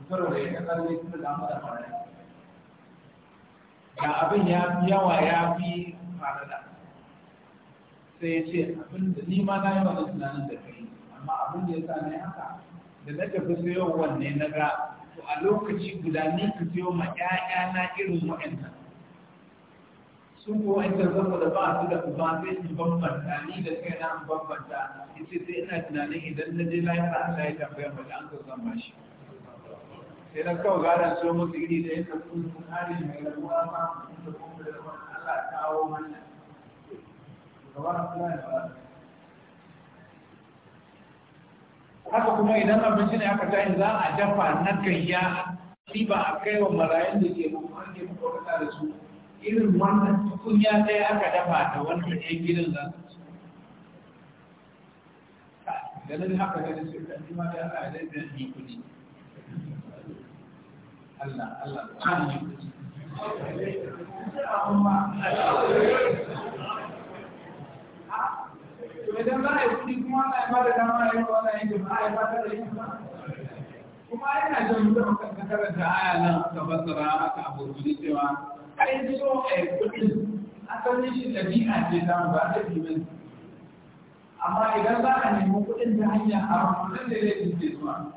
su da ya kasar ne su da damu da fara da abin ya fi yawa ya fi faɗaɗa sai ya ce abin da ni ma na yi wani tunanin da kai amma abin da ya sa na haka da na tafi siyo wanne na ga to a lokaci guda ni ka siyo ma ƴaƴa na irin waɗannan sun ko wa'ancan saboda ba su da kuma sai in bambanta ni da kai na bambanta ce sai ina tunanin idan na je lahira Allah ya tambaya ba da an ka zama shi sai na kawai gara so musu iri da yin kun sun hari mai rabuwa ma da kuma da zaman Allah kawo mana gaba na da ba haka kuma idan abinci ne aka tashi za a dafa na gayya riba a kai wa marayun da ke kuma an ke makwabta da su irin wannan tukunya ɗaya aka dafa da wannan ɗan gidan za su ganin haka ganin sun ɗan jima da Allah ya zai kuɗi Allah Allah amin dama yi ya yi yana jan mutum kan karanta a amma idan za a nemi kuɗin ta hanyar haram kuɗin da zai ke zuwa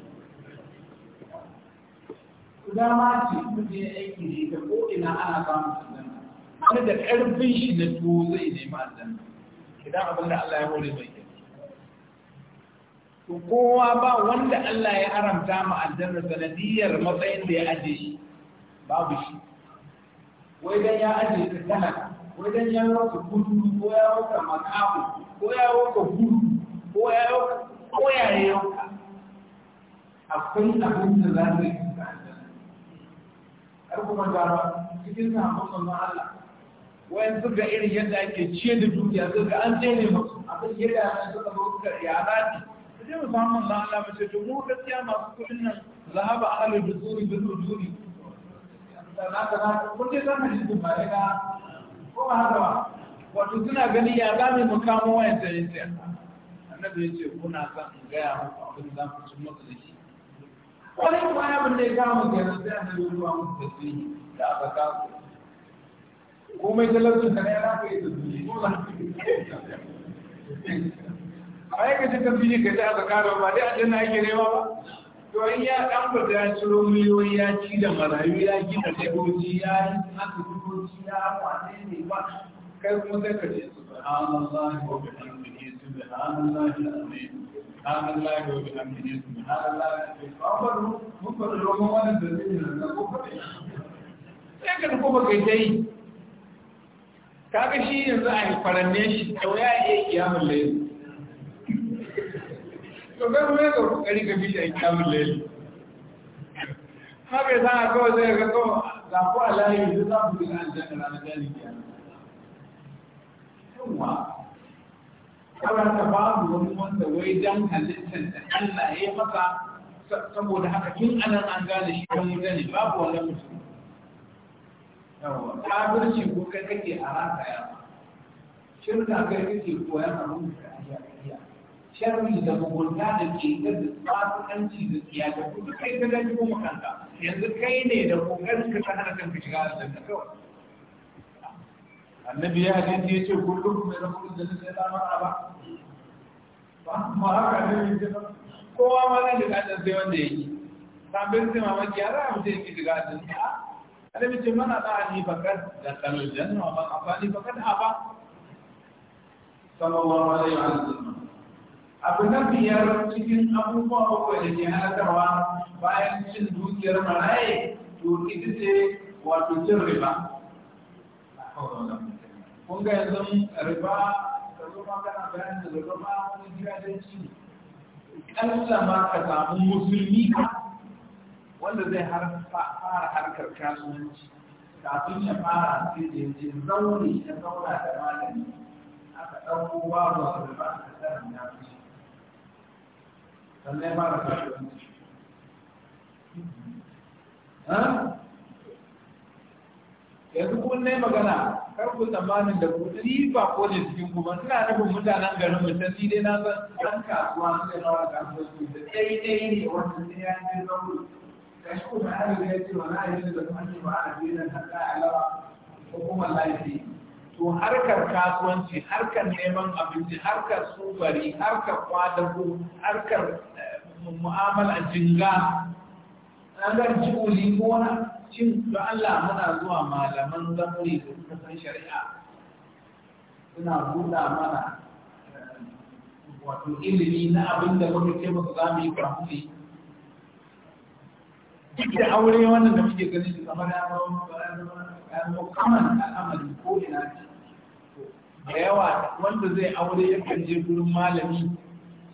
dama ce kuma je aiki ne ta ana samun wani da ƙarfin shi na zai idan abin da Allah ya hore mai kowa ba wanda Allah ya haramta ma aljanna sanadiyar matsayin da ya aje shi babu shi wai dan ya aje ta talaka wai dan ya wata gudu ko ya wata makamu ko ya wata gudu ko ya wata ko ya akwai abin da za yi har kuma gaba cikin samun manzon Allah wayan ga irin yadda ake ciye da dukiya sai ga an tsere musu abin yadda an suka zo suka yara ne sai mu samu manzon Allah mu ce to mu gaskiya masu kuɗin nan zahaba ahli dusuri bil dusuri sanaka na kun je san hadisi ba daga ko ba haka ba wato suna gani ya za mu kamo wayan sai sai annabi ya ce kuna son in gaya muku abin da za ku ci masa kwarai kuma ya abin da ya kama kenan sai an zai da musu tasiri da aka kama komai talaucin da na yana kai tasiri ko za a yi kashe tasiri ka ji aka kama ba dai aljanna ake nema ba to in ya dan fita ya ciro miliyoyi ya ci da marayu ya gina tegoji ya yi asibitoci ya kwane ne ba kai kuma sai ka ce subhanallah wa bihamdihi subhanallah al-azim سبحان الله sai ka tafi baka dai kaga shi yanzu a faranne shi ta waya yi kiyamun layi to ga kuma kokari ka bishi a kiyamun layi bai za a kawai zai ga kawai ga ko alayi da za ku gina aljanna ranar jani kiyamun saboda haka babu wani wanda wai dan halittar da Allah ya maka saboda haka tun anan an gane shi kan wuta ne babu wannan mutum yawa kafirci ko kai kake a ranka ya shirka kai kake koyan abin da ka iya sharri da mugunta da ke da fasikanci da tsiya da kuma kai ka gani kuma kanka yanzu kai ne da kokarin ka ta hana kanka shiga aljanna kawai annabi ya hadisi ya ce kullum mai rabu da zai da mara ba ba ma haka ne ne kowa ma zai shiga da sai wanda yake sabbin sai mamaki ya za a mutum ki shiga da sai annabi ce mana da ani bakar da kalal janna wa man afani bakar aba sallallahu alaihi wa sallam abu na biyar cikin abubuwa uku da ke halatarwa bayan cin dukiyar maraye to ita ce wato cin riba haula wala quwwata kun ga yanzu riba da kuma kana bayan da riba ma wani gidajenci kalla ma ka samu musulmi wanda zai har fara harkar kasuwanci kafin ya fara sai da yaje zaune ya zauna da malami aka ɗauko babu wasu riba aka tsara ya fi sannan ya fara kasuwanci yanzu kun nai magana kar ku tsammanin da ku ni ba ko ne cikin ku ba ina nufin mutanen garin san ni dai na san ɗan kasuwa su da fara kasuwa su da dai ɗai ne wanda sai ya yi zaune da shi kuma ana da ya ce wa na yi da kuma ce ba a ce da ta alawa ko kuma laifi to harkar kasuwanci harkar neman abinci harkar sufari harkar kwadago harkar eh, mu'amala jinga an ga ciwo limona shin da Allah muna zuwa malaman zamani da suka san shari'a suna buɗa mana eh, wato ilimi na abin da muka ce musu za mu yi kwamfi duk da aure wannan da muke ganin shi kamar ya zama kaman al'amari ko ina ce da yawa wanda zai aure yakan je gurin malami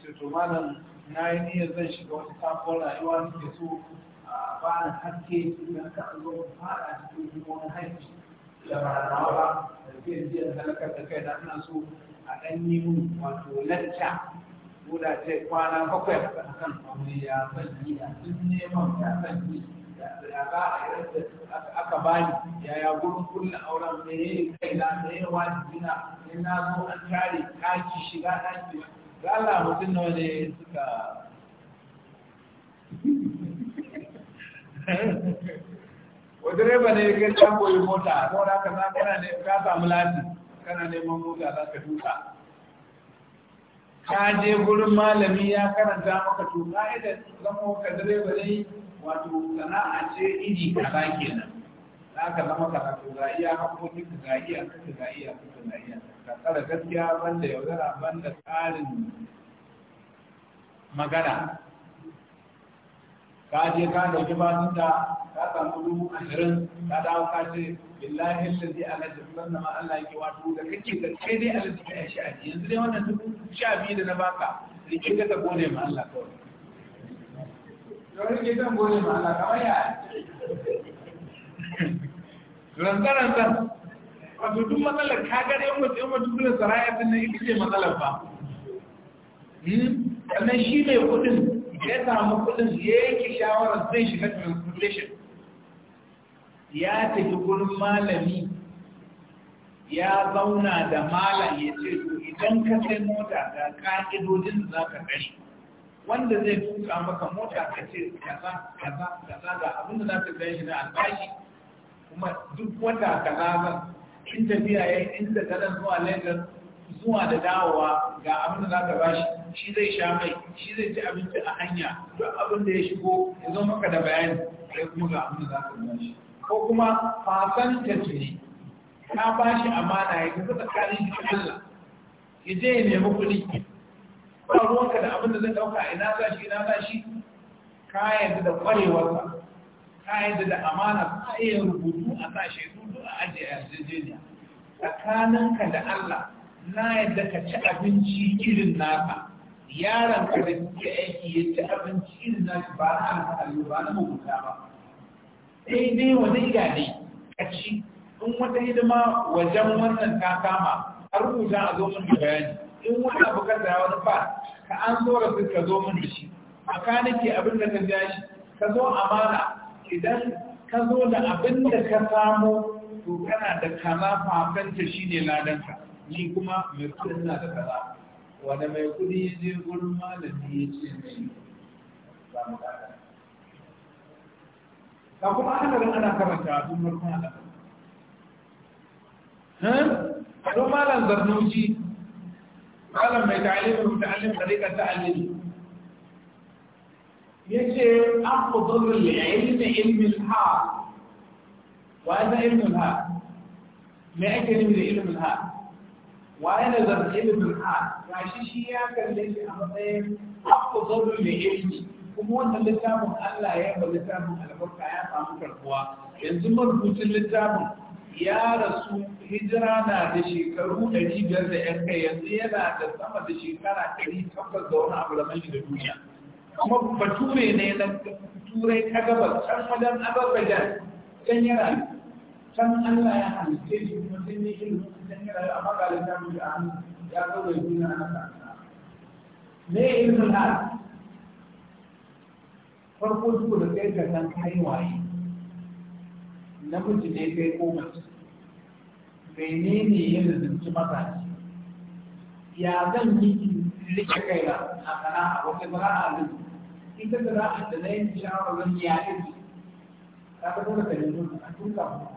sai to malam na yi niyyar zan shiga wata sabuwar rayuwa nake so a bana haske don ka zo fara cikin wani haƙƙi da baranawa ba da ke jiya halakar da kai da ana so a ɗan yi mun wato lacca ko da ce kwana bakwai a kan aure ya sanyi a duk neman ya san sanyi da ba a yi aka bani yaya gurin kullum auren me ya kai na me ya wajibi na in na zo an tare ɗaki shiga ɗaki ga Allah mutum nawa ne suka wa direba ne ke ta koyi mota ko da ka kana ne ka samu lati kana mun mota za ka tuka ka je gurin malami ya karanta maka to ida zama ka direba ne wato sana'a ce iri ba kenan za ka zama kaza to ga iya hakkokin ka ga iya ka ga iya ka ga iya ka tsara gaskiya banda yaudara banda tsarin magana ka je ka dauki basun ka samu dubu ashirin ka dawo ka ce billahi alladhi ala jablan ma Allah yake wato da kake da kai dai Allah ta shi a yanzu dai wannan dubu sha biyu da na baka rike ka ta gode ma Allah kawai yau rike ta gode ma Allah kawai ya rantsarantsan wato duk matsalar ka gane yan mutu yan mutu kula saraya din nan ita ce matsalar ba hmm? sannan shi mai kudin ya samu kudin ya yake shawarar zai shiga transportation ya tafi gurin malami ya zauna da malam ya ce to idan ka sai mota ga ka'idodin za ka gari wanda zai tuka maka mota ka ce kaza kaza kaza ga abinda za ka gari na albashi kuma duk wata kaza ba in tafiya ya yi in da zuwa lagos zuwa da dawowa ga abin da za ka bashi shi zai sha mai shi zai ci abinci a hanya duk abin da ya shigo ya zo maka da bayani sai kuma ga abin da za ka bashi ko kuma fasan tafiye ka bashi amana ya kasu tsakanin shi Allah ya je ya nemi kuɗi ba ruwanka da abin da zai ɗauka ina za shi ina za shi ka yanzu da ƙwarewarsa ka yanzu da amana ka iya rubutu a sa shaidu a ajiye a yarjejeniya tsakaninka da Allah na yadda ka ci abinci irin naka yaron ka da kuke aiki ya ci abinci irin naka ba na alƙalu ba na mabuta ba daidai wani igade ka ci in wata hidima wajen wannan ta kama a rubuta a zo min da bayani in wani abu ka saya wani ba ka an zo da ka zo min da shi a ke abin da ka ja shi ka zo amana idan ka zo da abin da ka samu to kana da kama fafanta shi ne ladanka ni kuma mai kudin na da kaza wanda mai kudi ya je gurin malami ya ce mai ba mu kada ka kuma ana ganin ana karanta tun farkon alaƙa a don malam zarnauci malam mai ta'alimin muta'alim ɗariƙar ta'alimi ya ce an kudurin ilmi ilmin ha wa ya ilmin ha me ake nufi da ilmin ha waye da zarce ilimin a gashi shi ya kalle shi a matsayin haƙƙo zaune da kuma wannan littafin Allah ya ba littafin albarka ya samu karbuwa yanzu marubucin littafin ya rasu hijira na da shekaru ɗari biyar da ‘yan kai yanzu yana da sama da shekara ɗari takwas da wani abu da mai da duniya kuma bature ne na turai ta gabas can wajen azerbaijan can yana can Allah ya halitta shi kuma sun yi ilimin sun yi rayu amma ga littafin da hannu ya kawo ya duniya ana kasa me ya yi sun farko su da kai ka san kai waye namiji ne kai ko mace menene ya lalzumci mazaje ya zan yi rike kaina a sana'a wata sana'a ne ita sana'a da na yi shawar zan yi yaƙi ta kuma ta nemi a tuka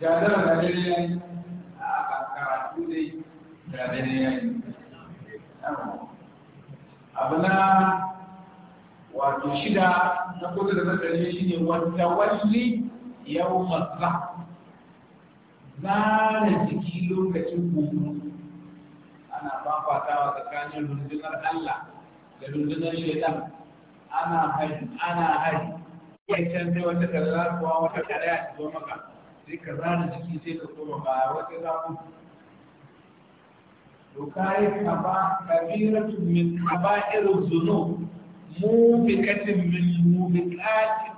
da zama da dare ya yi a karatu dai da dare ya yi abu na wato shida na kudu da nazari shi ne wata walli yau matsa da jiki lokacin gudu ana fafatawa tsakanin rundunar Allah da rundunar shaitan ana hari ana hari ya canza wata kaza kuwa wata kada ya zo maka sai ka zana jiki sai ka koma baya wata zaɓu doka yi kaba kabiratu min kaba irin zuno mubikatin min mubikatin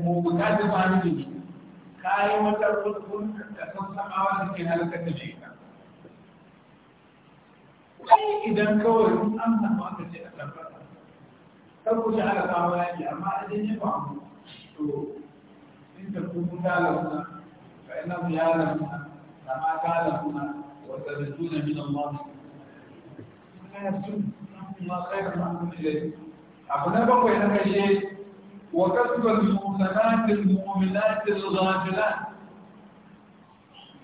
mubikatin ma ne ka yi wata rukun da sun samawa da ke halakar da shi kai idan kawai mun an nan ba ka ce a tabbata kan ku shi ala kawo yaji amma idan ya faru to inda kuma ta lafuna ya lafuna da ma ta da tuna min Allah kuma ya su kuma kai da mu ne dai abu na bakwai na kashe wa kasuwa mu'minatil mu'minatil ghafila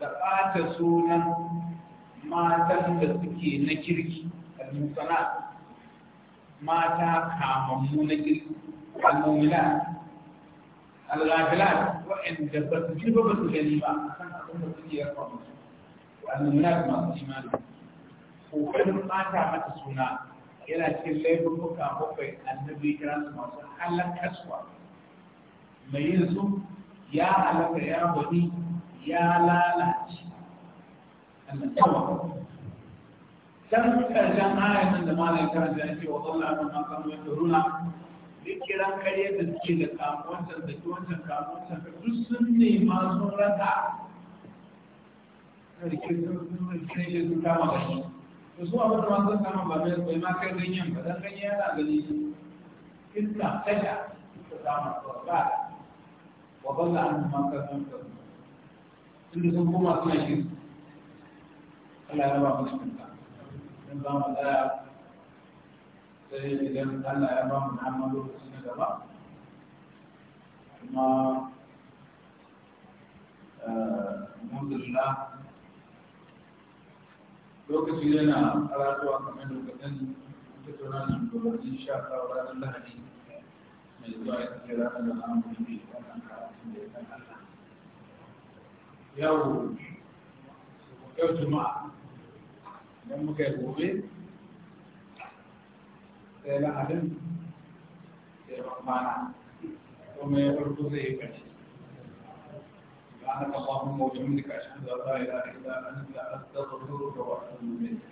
da ta sunan matan da suke na kirki al-musana mata kamammu na kirki al-mu'minat al-ghafilat wa'anda ba su ji ba ba su gani ba kan abin da suke yarfa musu wa'annan masu imani kokarin mata mata suna yana cikin laifuka bakwai annabi kira su masu halakarsuwa mai yin su ya halaka ya wani ya lalace dan karshen ayan da malai karanta ya ce wa Allah ma kan wani runa duk kiran karyar da suke da kamuwancan da ke wancan kiwancan kamuwancan duk sun ne masu sun a karki sun ne rike da su kama shi da su abin da masu kama ba bai bai ma kai ganyen ba dan ganyen yana gani kinta kada ta kama ba wa ba an a nuna kasan kasu inda sun koma suna shi Allah ya raba mu cikin ta dan ba mu tsaya sai idan Allah ya ba mu dama lokaci na gaba kuma alhamdulillah lokaci yana karatuwa kamar lokacin tattauna da shugabannin sha kawo ranar lahadi mai zuwa ya kake ranar da na mulki wannan karatun da ya san Allah yau yau juma'a idan muka yi gobe sai na abin da ya mana kuma ya farko zai ya kashi ga ana kafa hannu wajen mini kashi da za a yi da ake da an da an da zuwa da wasu mummuni